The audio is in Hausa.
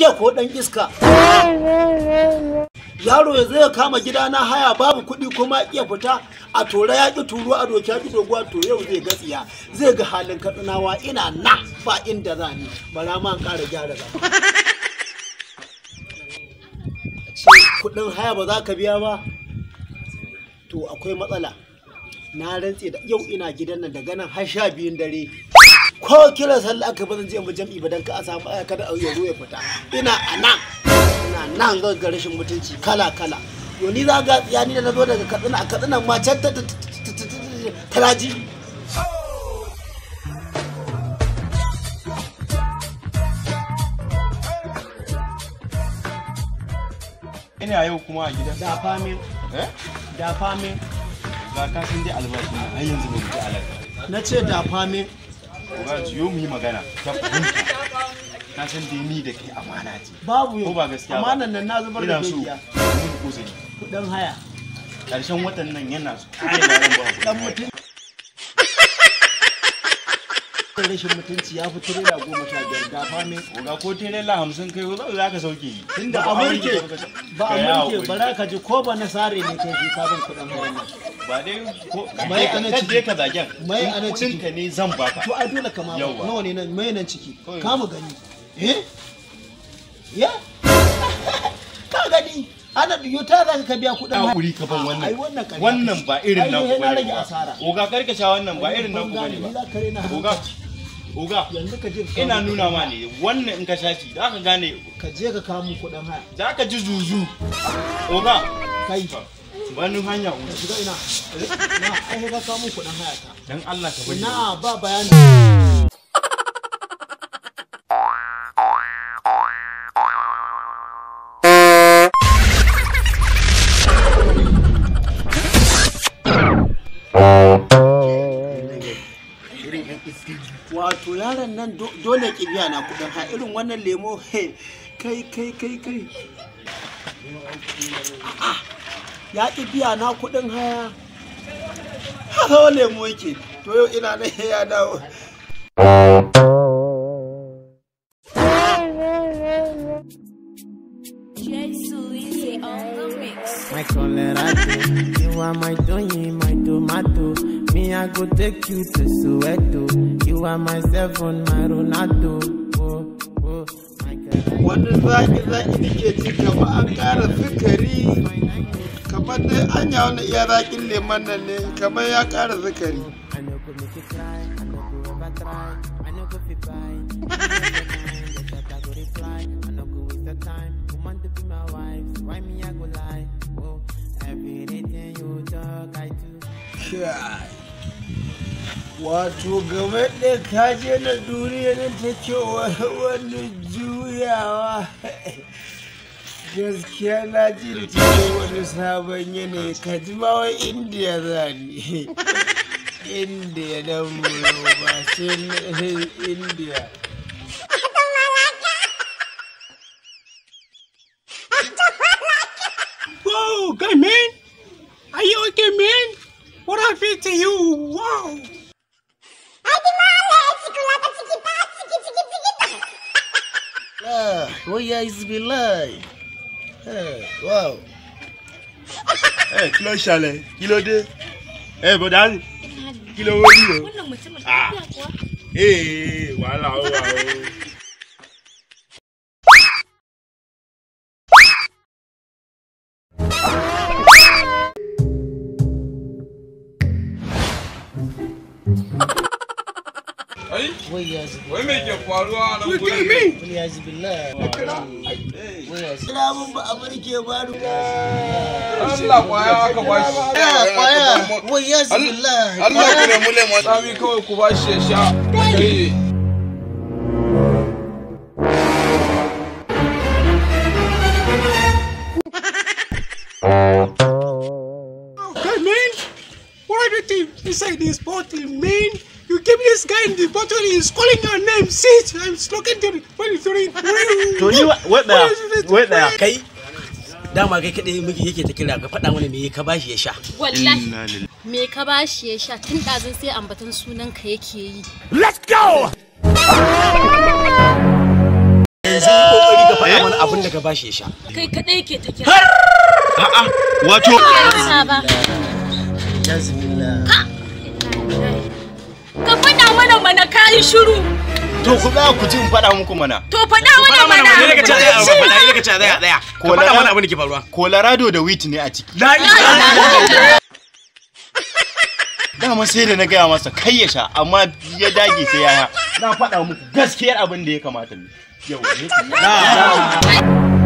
yake ko dan iska yaro ya zai kama gida na haya babu kuɗi kuma iya fita a tora ya ki turu a doki ya ki doguwa to yau zai ga tsiya zai ga halin katsinawa ina na ba inda za ni bara ma ƙara gyara ba kuɗin haya ba za ka biya ba to akwai matsala na rantse da yau ina gidan nan daga nan har sha biyun dare ko kira sallah aka bazan je mu jam'i ba dan ka a samu aya kada ya zo ya fita ina anan ina nan ga rashin mutunci kala kala yo ni za ga ya ni da nazo daga katsina a katsina ma can ta taraji ina yau kuma a gidan da famin eh? da famin ga ka sun je albashi na yanzu ba ku ji alaka na ce da famin Oga jiyo mu yi magana ta fahimta. Ka san dai ni da kai amana ce. Babu yau. ba gaskiya ba. Amanan nan na zubar da kai. Ina Kuɗin haya. karshen watan nan yana babu Ɗan mutum. rashin mutunci ya fito tirela goma sha biyar da fami ga ko tirela hamsin kai ko za ka sauke tunda a mulke ba a mulke ba za ka ji ko ba na sare ne kai ka bin kuɗin murna ba dai ko mai ana ciki ka zagen mai ana ciki ka ne zan baka to a dole kama nawa ne nan mai nan ciki ka mu gani eh ya ka gani ana biyu ta za ka biya kuɗin haya wuri ka ban wannan wannan ba irin nan ku bane ba oga karkasha wannan ba irin nan ku bane ba oga Oga, yanzu ka je ina nuna ma ne wannan in ka shaci za ka gane. Ka je ka kawo mu kuɗin haya. Za ka ji zuzu. Oga, kai. Wani hanya ku. Shiga ina. Eh, Na, ai ka kawo kuɗin haya ta. Dan Allah ka bari. Na, ba bayani. yaron nan dole ki biya na kudin ha irin wannan lemo he kai kai kai kai ya ki biya na kudin ha ha hawa lemo yake to yau ina nan ya dawo My colorado, my tomato. Me, I go take you to Soweto. You are my seven, my Ronaldo. Oh, oh, my God. Wanda za ki za ki nike ji kama an ƙara sukari kamar dai an ya wani iya zaƙin leman nan ne kamar ya ƙara sukari. Oh, yeah wato game da kaje na duniya na take wani juyawa gaskiya na ji da cikin wani sabon yanayi ka ji wai indiya za ni indiya don muro ba sai indiya Whoa, good man! Are you okay, man? What happened to you? Wow! wọ́n yá ìsibí láì wow. ẹ eh, kí ló ṣàlẹ̀ kí ló dé ẹ eh, bọ̀dá ni kí ló wọ́n rí o ah. ee eh, wàhálà ó o. Ha ha ha! wai ya zubi wai me ke a nan gurin wai ya zubi la kira mun ba amurke ba ru Allah kwaya aka bashi kwaya wai ya zubi la Allah kare mu le mu tsami kawai ku bashi ya sha kai inside his bottle, man. You keep this guy in the bottle, he's calling your name. Sit, I'm talking to the 23. To wait there, wait there. Okay. dama kai kaɗai muke yake ta kira ka faɗa mana me ka bashi ya sha. Wallahi, me ka bashi ya sha tun ɗazun sai ambatan sunan ka yake yi. Let's go! Yanzu kokari ka faɗa mana abin da ka bashi ya sha. Kai kaɗai ke ta kira. A'a, wato. Ba. Jazmila. Ka faɗa mana mana ka yi shiru. To ku za ku ji in faɗa muku mana. To faɗa mana mana. Faɗa mana mana. Faɗa mana mana. Faɗa mana mana. Faɗa mana mana. Faɗa mana Colorado da wheat ne a ciki. Dama sai da na gaya masa kai ya sha amma ya dage sai ya Na faɗa muku gaskiyar abin da ya kamata mu. Yau ne.